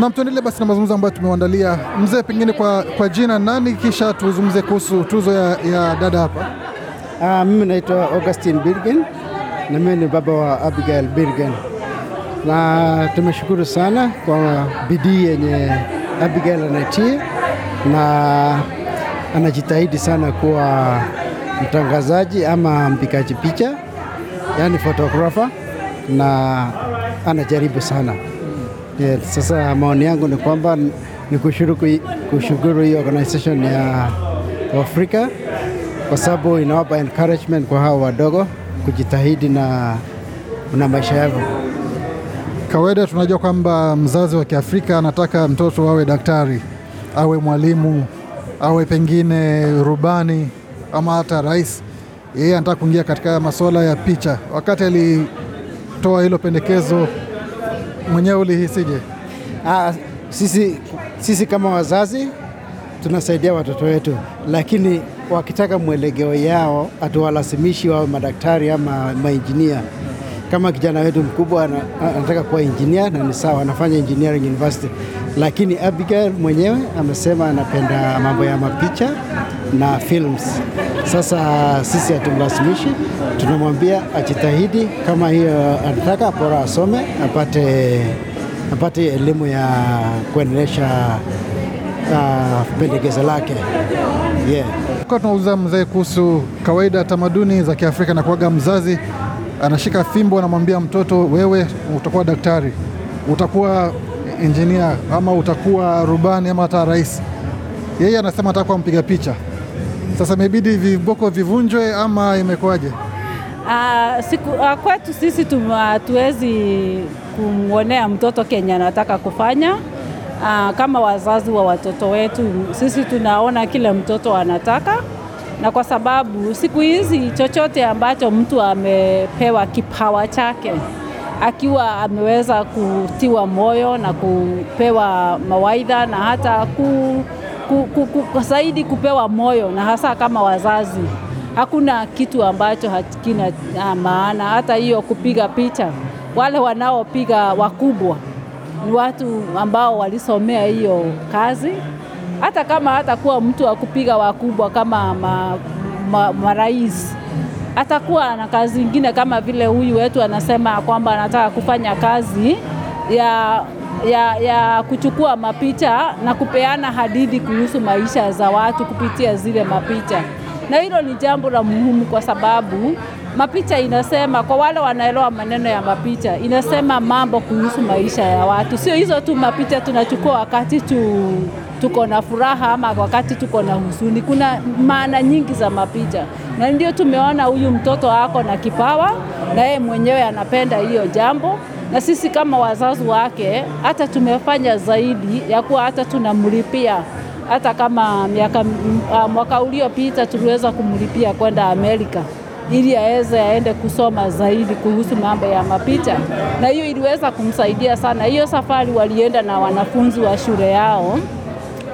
Nam, tuendelee basi na mazungumzo ambayo tumewaandalia. Mzee, pengine kwa, kwa jina nani, kisha tuzungumze kuhusu tuzo ya, ya dada hapa. Ah, mimi naitwa augustin Birgen na mimi ni baba wa Abigail Birgen, na tumeshukuru sana kwa bidii yenye Abigail anatia na anajitahidi sana kuwa mtangazaji ama mpikaji picha, yaani photographer, na anajaribu sana Yes, sasa maoni yangu ni kwamba ni kushukuru hii organization ya Afrika kwa sababu inawapa encouragement kwa hao wadogo kujitahidi na, na maisha yao. Kawaida tunajua kwamba mzazi wa Kiafrika anataka mtoto awe daktari, awe mwalimu, awe pengine rubani ama hata rais. Yeye anataka kuingia katika masuala ya picha. Wakati alitoa hilo pendekezo mwenyewe ulihisije? Ah, sisi, sisi kama wazazi tunasaidia watoto wetu, lakini wakitaka mwelekeo yao hatuwalazimishi wawe madaktari ama mainjinia. Kama kijana wetu mkubwa anataka kuwa injinia na ni sawa, anafanya engineering university lakini Abigail mwenyewe amesema anapenda mambo ya mapicha na films. Sasa sisi hatumlazimishi, tunamwambia ajitahidi kama hiyo anataka, bora asome apate apate elimu ya kuendelesha uh, pendekezo lake yeah. Kwa tunauza mzee kuhusu kawaida tamaduni za Kiafrika na kuaga, mzazi anashika fimbo, anamwambia mtoto, wewe utakuwa daktari, utakuwa injinia ama utakuwa rubani ama hata rais. Yeye anasema atakuwa mpiga picha. Sasa imebidi viboko vivunjwe ama imekuwaje? Uh, siku uh, kwetu sisi hatuwezi kumwonea mtoto Kenya anataka kufanya. Uh, kama wazazi wa watoto wetu, sisi tunaona kile mtoto anataka, na kwa sababu siku hizi chochote ambacho mtu amepewa kipawa chake akiwa ameweza kutiwa moyo na kupewa mawaidha na hata ku, ku, ku, ku, zaidi kupewa moyo, na hasa kama wazazi, hakuna kitu ambacho hakina ah, maana. Hata hiyo kupiga picha, wale wanaopiga wakubwa ni watu ambao walisomea hiyo kazi, hata kama hatakuwa mtu wa kupiga wakubwa kama marais ma, ma atakuwa na kazi nyingine kama vile huyu wetu anasema kwamba anataka kufanya kazi ya, ya, ya kuchukua mapicha na kupeana hadithi kuhusu maisha za watu kupitia zile mapicha, na hilo ni jambo la muhimu kwa sababu mapicha inasema, kwa wale wanaelewa maneno ya mapicha, inasema mambo kuhusu maisha ya watu, sio hizo tu mapicha tunachukua wakati tu tuko na furaha ama wakati tuko na huzuni. Kuna maana nyingi za mapicha, na ndio tumeona huyu mtoto ako na kipawa na yeye mwenyewe anapenda hiyo jambo, na sisi kama wazazi wake hata tumefanya zaidi ya kuwa hata tunamlipia hata kama miaka ah, mwaka uliopita tuliweza kumlipia kwenda Amerika ili aweze aende kusoma zaidi kuhusu mambo ya mapicha, na hiyo iliweza kumsaidia sana. Hiyo safari walienda na wanafunzi wa shule yao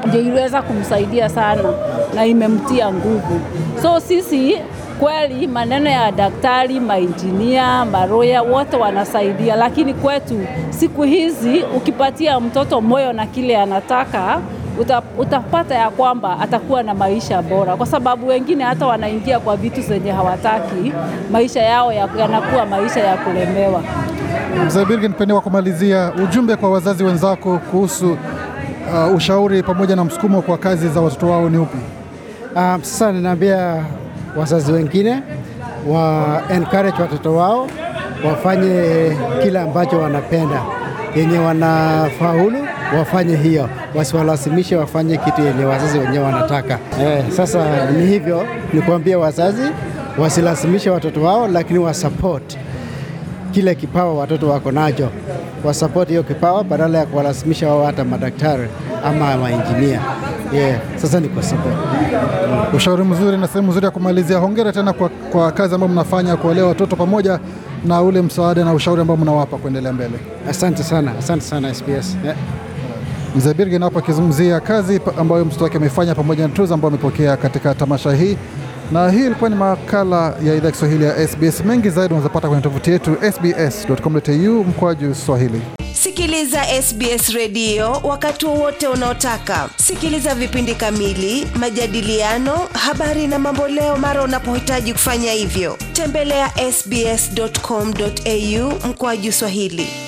ndio iliweza kumsaidia sana na imemtia nguvu. So sisi kweli maneno ya daktari, mainjinia, maroya wote wanasaidia, lakini kwetu siku hizi ukipatia mtoto moyo na kile anataka utapata ya kwamba atakuwa na maisha bora, kwa sababu wengine hata wanaingia kwa vitu zenye hawataki, maisha yao yanakuwa ya maisha ya kulemewa. Mzee Birgit, pende wa kumalizia ujumbe kwa wazazi wenzako kuhusu uh, ushauri pamoja na msukumo kwa kazi za watoto wao ni upi? Uh, sasa ninaambia wazazi wengine wa encourage watoto wao wafanye kila ambacho wanapenda, yenye wanafaulu wafanye hiyo, wasiwalazimishe wafanye kitu yenye wazazi wenyewe wanataka. Eh, sasa ni hivyo, ni kuambia wazazi wasilazimishe watoto wao, lakini wasupport kile kipawa watoto wako nacho wasapoti hiyo kipawa badala ya kuwalazimisha wao hata madaktari ama mainjinia. Yeah, sasa ni kwa support. Ushauri mzuri na sehemu nzuri ya kumalizia. Hongera tena kwa, kwa kazi ambayo mnafanya kuwalea watoto pamoja na ule msaada na ushauri ambao mnawapa kuendelea mbele. Asante sana, asante sana SBS. Yeah. Mzee Birgen hapa akizungumzia kazi ambayo mtoto wake amefanya pamoja na tuzo ambayo amepokea katika tamasha hii na hii ilikuwa ni makala ya idhaa Kiswahili ya SBS. Mengi zaidi unazopata kwenye tovuti yetu sbs.com.au mkoaju swahili. Sikiliza SBS redio wakati wowote unaotaka. Sikiliza vipindi kamili, majadiliano, habari na mamboleo mara unapohitaji kufanya hivyo. Tembelea ya sbs.com.au mkwaju swahili.